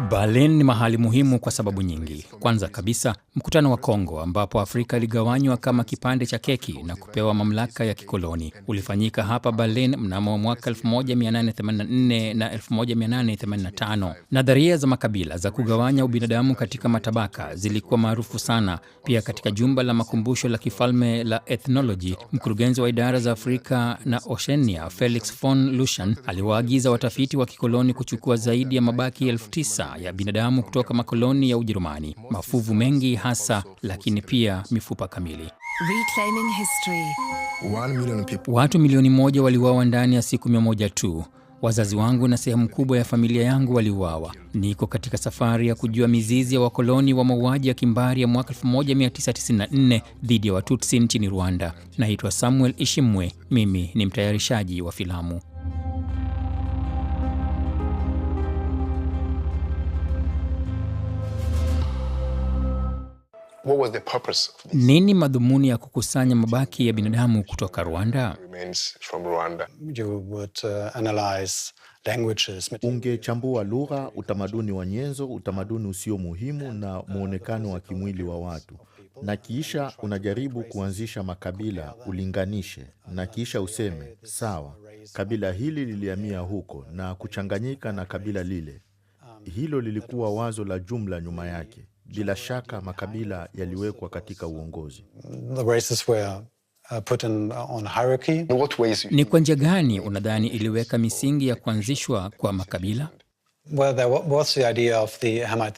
Berlin ni mahali muhimu kwa sababu nyingi. Kwanza kabisa mkutano wa Kongo ambapo Afrika iligawanywa kama kipande cha keki na kupewa mamlaka ya kikoloni ulifanyika hapa Berlin mnamo mwaka 1884 na 1885. Nadharia za makabila za kugawanya ubinadamu katika matabaka zilikuwa maarufu sana pia katika jumba la makumbusho la kifalme la ethnology. Mkurugenzi wa idara za Afrika na Oshenia Felix von Lushan aliwaagiza watafiti wa kikoloni kuchukua zaidi ya mabaki elfu tisa ya binadamu kutoka makoloni ya Ujerumani. Mafuvu mengi hasa, lakini pia mifupa kamili. Reclaiming history. Watu milioni moja waliuawa ndani ya siku mia moja tu. Wazazi wangu na sehemu kubwa ya familia yangu waliuawa. Niko katika safari ya kujua mizizi ya wakoloni wa mauaji ya kimbari ya mwaka 1994 dhidi ya Watutsi nchini Rwanda. Naitwa Samuel Ishimwe. Mimi ni mtayarishaji wa filamu. What was the purpose of this? Nini madhumuni ya kukusanya mabaki ya binadamu kutoka Rwanda? Uh, Ungechambua lugha, utamaduni wa nyenzo, utamaduni usio muhimu na mwonekano wa kimwili wa watu, na kisha unajaribu kuanzisha makabila, ulinganishe, na kisha useme sawa, kabila hili lilihamia huko na kuchanganyika na kabila lile. Hilo lilikuwa wazo la jumla nyuma yake. Bila shaka makabila yaliwekwa katika uongozi. Uh, uh, Ni kwa njia gani unadhani iliweka misingi ya kuanzishwa kwa makabila?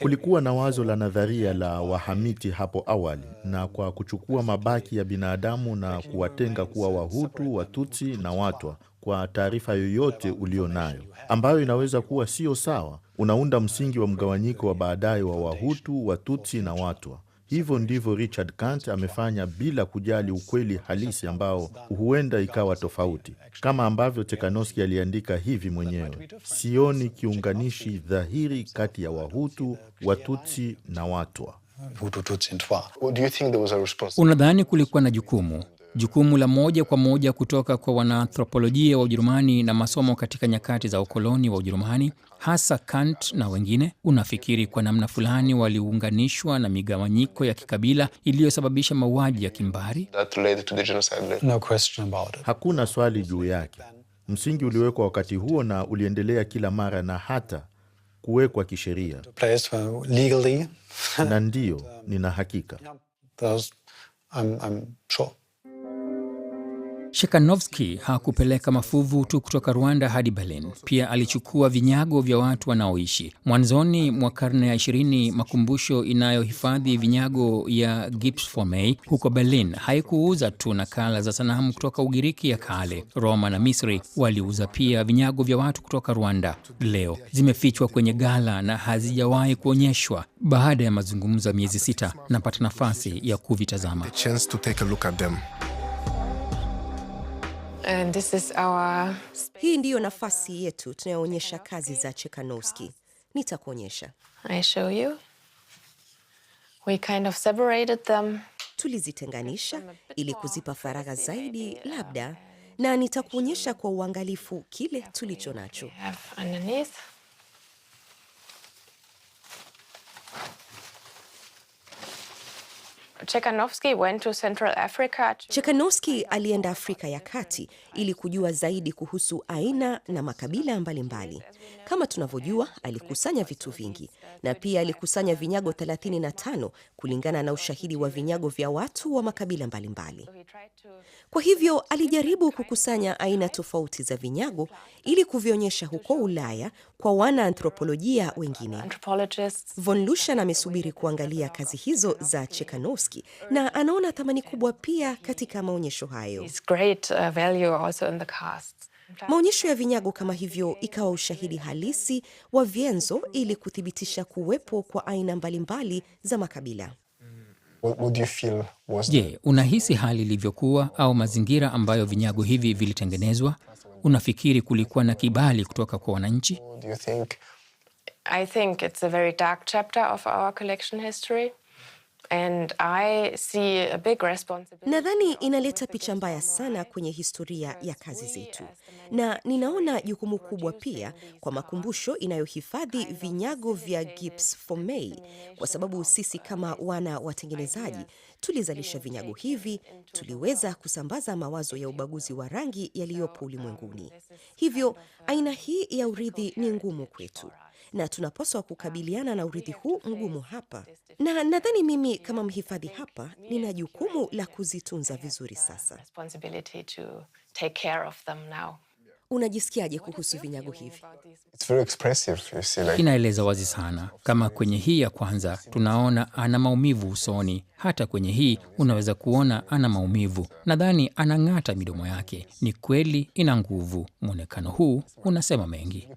Kulikuwa na wazo la nadharia la Wahamiti hapo awali, na kwa kuchukua mabaki ya binadamu na kuwatenga kuwa Wahutu, Watutsi na Watwa kwa taarifa yoyote ulionayo ambayo inaweza kuwa sio sawa, unaunda msingi wa mgawanyiko wa baadaye wa Wahutu, Watutsi na Watwa. Hivyo ndivyo Richard Kant amefanya bila kujali ukweli halisi ambao huenda ikawa tofauti, kama ambavyo Tekanoski aliandika hivi mwenyewe: sioni kiunganishi dhahiri kati ya Wahutu, Watutsi na Watwa. Unadhani kulikuwa na jukumu jukumu la moja kwa moja kutoka kwa wanaanthropolojia wa Ujerumani na masomo katika nyakati za ukoloni wa Ujerumani, hasa Kant na wengine, unafikiri kwa namna fulani waliunganishwa na migawanyiko ya kikabila iliyosababisha mauaji ya kimbari. No Hakuna swali juu yake. Msingi uliwekwa wakati huo na uliendelea kila mara na hata kuwekwa kisheria na ndiyo, nina hakika I'm, I'm sure. Shekanovski hakupeleka mafuvu tu kutoka Rwanda hadi Berlin, pia alichukua vinyago vya watu wanaoishi. Mwanzoni mwa karne ya ishirini, makumbusho inayohifadhi vinyago ya Gipsformei huko Berlin haikuuza tu nakala za sanamu kutoka Ugiriki ya kale, Roma na Misri. Waliuza pia vinyago vya watu kutoka Rwanda. Leo zimefichwa kwenye gala na hazijawahi kuonyeshwa. Baada ya mazungumzo ya miezi sita, napata nafasi ya kuvitazama. And this is our... Hii ndiyo nafasi yetu tunayoonyesha kazi za Chekanowski. Nitakuonyesha. I show you. We kind of separated them. Tulizitenganisha ili kuzipa faragha zaidi uh, labda, na nitakuonyesha kwa uangalifu kile tulicho nacho. Chekanovski alienda Afrika ya Kati ili kujua zaidi kuhusu aina na makabila mbalimbali mbali. Kama tunavyojua, alikusanya vitu vingi na pia alikusanya vinyago 35 kulingana na ushahidi wa vinyago vya watu wa makabila mbalimbali mbali. Kwa hivyo alijaribu kukusanya aina tofauti za vinyago ili kuvionyesha huko Ulaya kwa wanaanthropolojia wengine. Von Lushan amesubiri kuangalia kazi hizo za Chekanovski hiki, na anaona thamani kubwa pia katika maonyesho hayo. Uh, maonyesho ya vinyago kama hivyo ikawa ushahidi halisi wa vyenzo ili kuthibitisha kuwepo kwa aina mbalimbali za makabila. Je, unahisi hali ilivyokuwa au mazingira ambayo vinyago hivi vilitengenezwa? Unafikiri kulikuwa na kibali kutoka kwa wananchi? Nadhani inaleta picha mbaya sana kwenye historia ya kazi zetu, na ninaona jukumu kubwa pia kwa makumbusho inayohifadhi vinyago vya Gips Fomei, kwa sababu sisi uh, kama wana watengenezaji tulizalisha vinyago hivi, tuliweza kusambaza mawazo ya ubaguzi wa rangi yaliyopo um, ulimwenguni. Hivyo aina um, hii ya urithi ni ngumu kwetu na tunapaswa kukabiliana na urithi huu mgumu hapa, na nadhani mimi kama mhifadhi hapa nina jukumu la kuzitunza vizuri sasa. Unajisikiaje kuhusu vinyago hivi? Inaeleza wazi sana. Kama kwenye hii ya kwanza, tunaona ana maumivu usoni, hata kwenye hii unaweza kuona ana maumivu. Nadhani anang'ata midomo yake. Ni kweli ina nguvu. Mwonekano huu unasema mengi.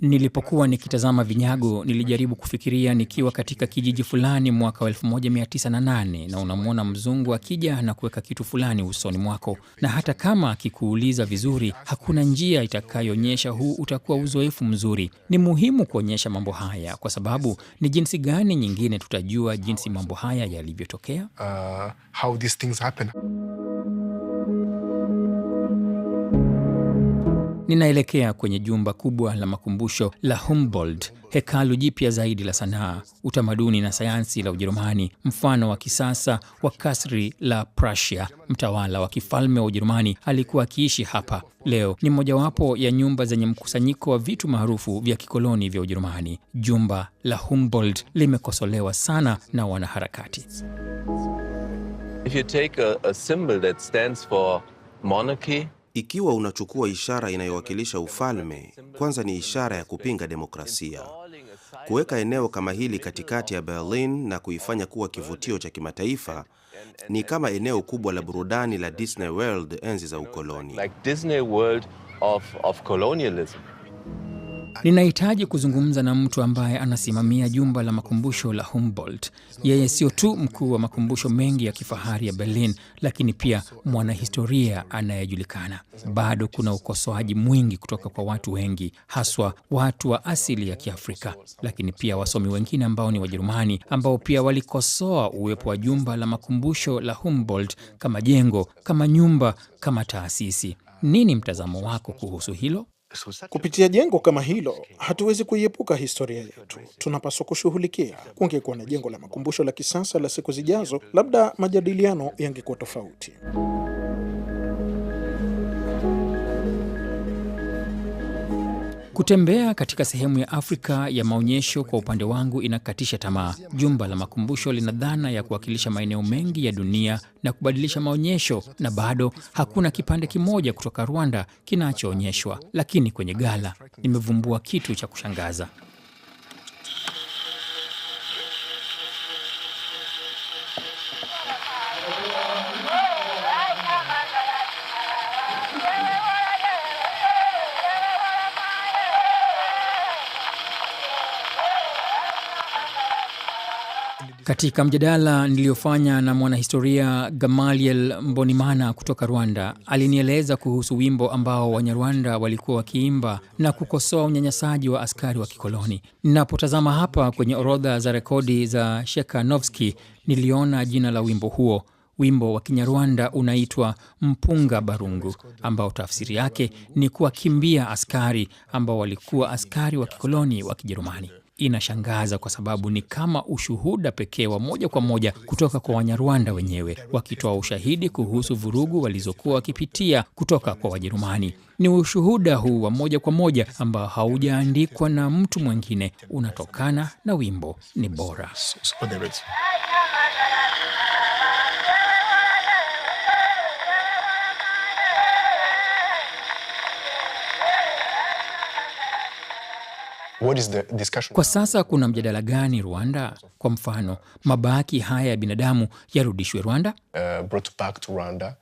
Nilipokuwa nikitazama vinyago nilijaribu kufikiria nikiwa katika kijiji fulani mwaka wa 1908 na unamwona mzungu akija na kuweka kitu fulani usoni mwako, na hata kama akikuuliza vizuri, hakuna njia itakayoonyesha huu utakuwa uzoefu mzuri. Ni muhimu kuonyesha mambo haya kwa sababu ni jinsi gani nyingine tutajua jinsi mambo haya yalivyotokea. Uh, how these things happen. Ninaelekea kwenye jumba kubwa la makumbusho la Humboldt, hekalu jipya zaidi la sanaa, utamaduni na sayansi la Ujerumani, mfano wa kisasa wa kasri la Prussia. Mtawala wa kifalme wa Ujerumani alikuwa akiishi hapa. Leo ni mojawapo ya nyumba zenye mkusanyiko wa vitu maarufu vya kikoloni vya Ujerumani. Jumba la Humboldt limekosolewa sana na wanaharakati. If you take a, a symbol that stands for monarchy ikiwa unachukua ishara inayowakilisha ufalme, kwanza ni ishara ya kupinga demokrasia. Kuweka eneo kama hili katikati ya Berlin na kuifanya kuwa kivutio cha kimataifa ni kama eneo kubwa la burudani la Disney World enzi za ukoloni. Ninahitaji kuzungumza na mtu ambaye anasimamia jumba la makumbusho la Humboldt. Yeye sio tu mkuu wa makumbusho mengi ya kifahari ya Berlin, lakini pia mwanahistoria anayejulikana. Bado kuna ukosoaji mwingi kutoka kwa watu wengi, haswa watu wa asili ya Kiafrika, lakini pia wasomi wengine ambao ni Wajerumani, ambao pia walikosoa uwepo wa jumba la makumbusho la Humboldt kama jengo, kama nyumba, kama taasisi. Nini mtazamo wako kuhusu hilo? Kupitia jengo kama hilo, hatuwezi kuiepuka historia yetu, tunapaswa kushughulikia. Kungekuwa na jengo la makumbusho la kisasa la siku zijazo, labda majadiliano yangekuwa tofauti. Kutembea katika sehemu ya Afrika ya maonyesho kwa upande wangu inakatisha tamaa. Jumba la makumbusho lina dhana ya kuwakilisha maeneo mengi ya dunia na kubadilisha maonyesho, na bado hakuna kipande kimoja kutoka Rwanda kinachoonyeshwa. Lakini kwenye gala nimevumbua kitu cha kushangaza. Katika mjadala niliyofanya na mwanahistoria Gamaliel Mbonimana kutoka Rwanda, alinieleza kuhusu wimbo ambao Wanyarwanda walikuwa wakiimba na kukosoa unyanyasaji wa askari wa kikoloni. Ninapotazama hapa kwenye orodha za rekodi za Shekanovski, niliona jina la wimbo huo. Wimbo wa Kinyarwanda unaitwa Mpunga Barungu, ambao tafsiri yake ni kuwakimbia askari ambao walikuwa askari wa kikoloni wa Kijerumani inashangaza kwa sababu ni kama ushuhuda pekee wa moja kwa moja kutoka kwa Wanyarwanda wenyewe wakitoa ushahidi kuhusu vurugu walizokuwa wakipitia kutoka kwa Wajerumani. Ni ushuhuda huu wa moja kwa moja ambao haujaandikwa na mtu mwingine, unatokana na wimbo ni bora What is the discussion? Kwa sasa kuna mjadala gani Rwanda? Kwa mfano, mabaki haya ya binadamu yarudishwe Rwanda? Uh, brought back to Rwanda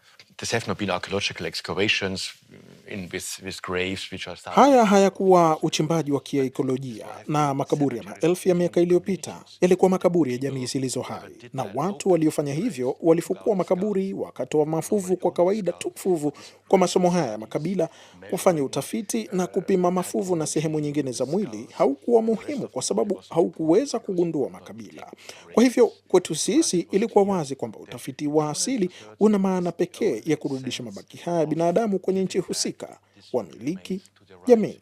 in with, with graves which are haya hayakuwa uchimbaji wa kiaikolojia na makaburi ya maelfu ya miaka iliyopita yalikuwa makaburi ya jamii zilizo hai, na watu waliofanya hivyo walifukua makaburi, wakatoa mafuvu kwa kawaida tu fuvu kwa masomo haya ya makabila. Kufanya utafiti na kupima mafuvu na sehemu nyingine za mwili haukuwa muhimu kwa sababu haukuweza kugundua makabila. Kwa hivyo kwetu sisi ilikuwa wazi kwamba utafiti wa asili una maana pekee ya kurudisha mabaki haya ya binadamu kwenye nchi husika wahusika, wamiliki, jamii.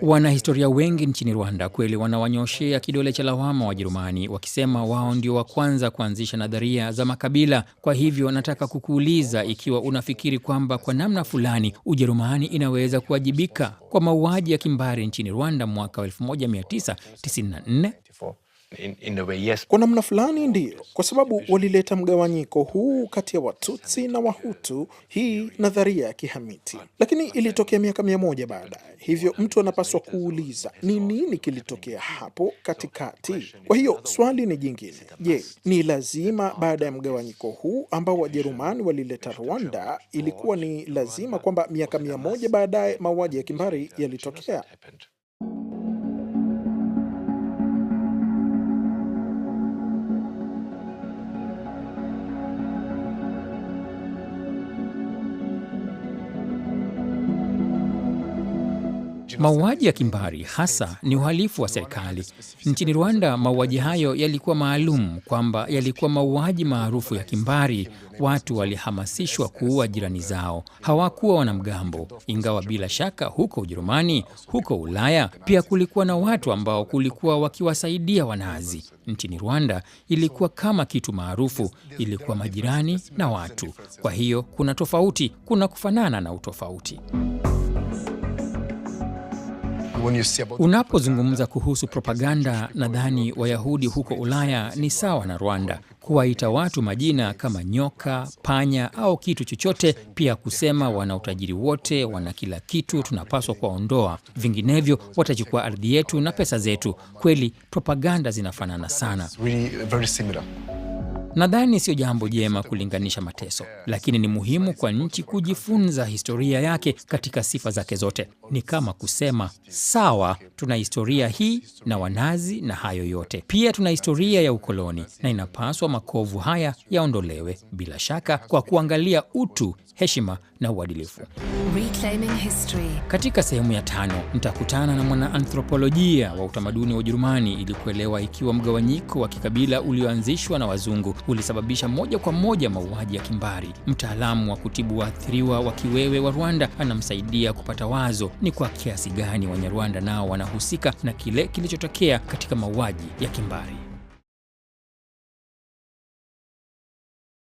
Wanahistoria wengi nchini Rwanda kweli wanawanyoshea kidole cha lawama Wajerumani wakisema wao ndio wa kwanza kuanzisha nadharia za makabila. Kwa hivyo nataka kukuuliza ikiwa unafikiri kwamba kwa namna fulani Ujerumani inaweza kuwajibika kwa mauaji ya kimbari nchini Rwanda mwaka 1994 in, in a way, yes. Kwa namna fulani oh, ndiyo, kwa sababu walileta mgawanyiko huu kati ya Watutsi na Wahutu, hii nadharia ya kihamiti, lakini ilitokea miaka mia moja baadaye. Hivyo mtu anapaswa kuuliza ni nini kilitokea hapo katikati. Kwa hiyo swali ni jingine, je, ni lazima baada ya mgawanyiko huu ambao Wajerumani walileta Rwanda, ilikuwa ni lazima kwamba miaka mia moja baadaye mauaji ya kimbari yalitokea? Mauaji ya kimbari hasa ni uhalifu wa serikali. Nchini Rwanda, mauaji hayo yalikuwa maalum kwamba yalikuwa mauaji maarufu ya kimbari. Watu walihamasishwa kuua jirani zao, hawakuwa wanamgambo. Ingawa bila shaka huko Ujerumani, huko Ulaya pia kulikuwa na watu ambao kulikuwa wakiwasaidia Wanazi. Nchini Rwanda ilikuwa kama kitu maarufu, ilikuwa majirani na watu. Kwa hiyo kuna tofauti, kuna kufanana na utofauti. Unapozungumza kuhusu propaganda, nadhani Wayahudi huko Ulaya ni sawa na Rwanda, kuwaita watu majina kama nyoka, panya au kitu chochote, pia kusema wana utajiri wote, wana kila kitu, tunapaswa kuwaondoa, vinginevyo watachukua ardhi yetu na pesa zetu. Kweli propaganda zinafanana sana. Nadhani sio jambo jema kulinganisha mateso, lakini ni muhimu kwa nchi kujifunza historia yake katika sifa zake zote. Ni kama kusema sawa, tuna historia hii na Wanazi na hayo yote, pia tuna historia ya ukoloni na inapaswa makovu haya yaondolewe, bila shaka, kwa kuangalia utu, heshima na uadilifu. Katika sehemu ya tano nitakutana na mwanaanthropolojia wa utamaduni wa Ujerumani ili kuelewa ikiwa mgawanyiko wa kikabila ulioanzishwa na wazungu ulisababisha moja kwa moja mauaji ya kimbari. Mtaalamu wa kutibu waathiriwa wa kiwewe wa Rwanda anamsaidia kupata wazo ni kwa kiasi gani Wanyarwanda nao wanahusika na kile kilichotokea katika mauaji ya kimbari.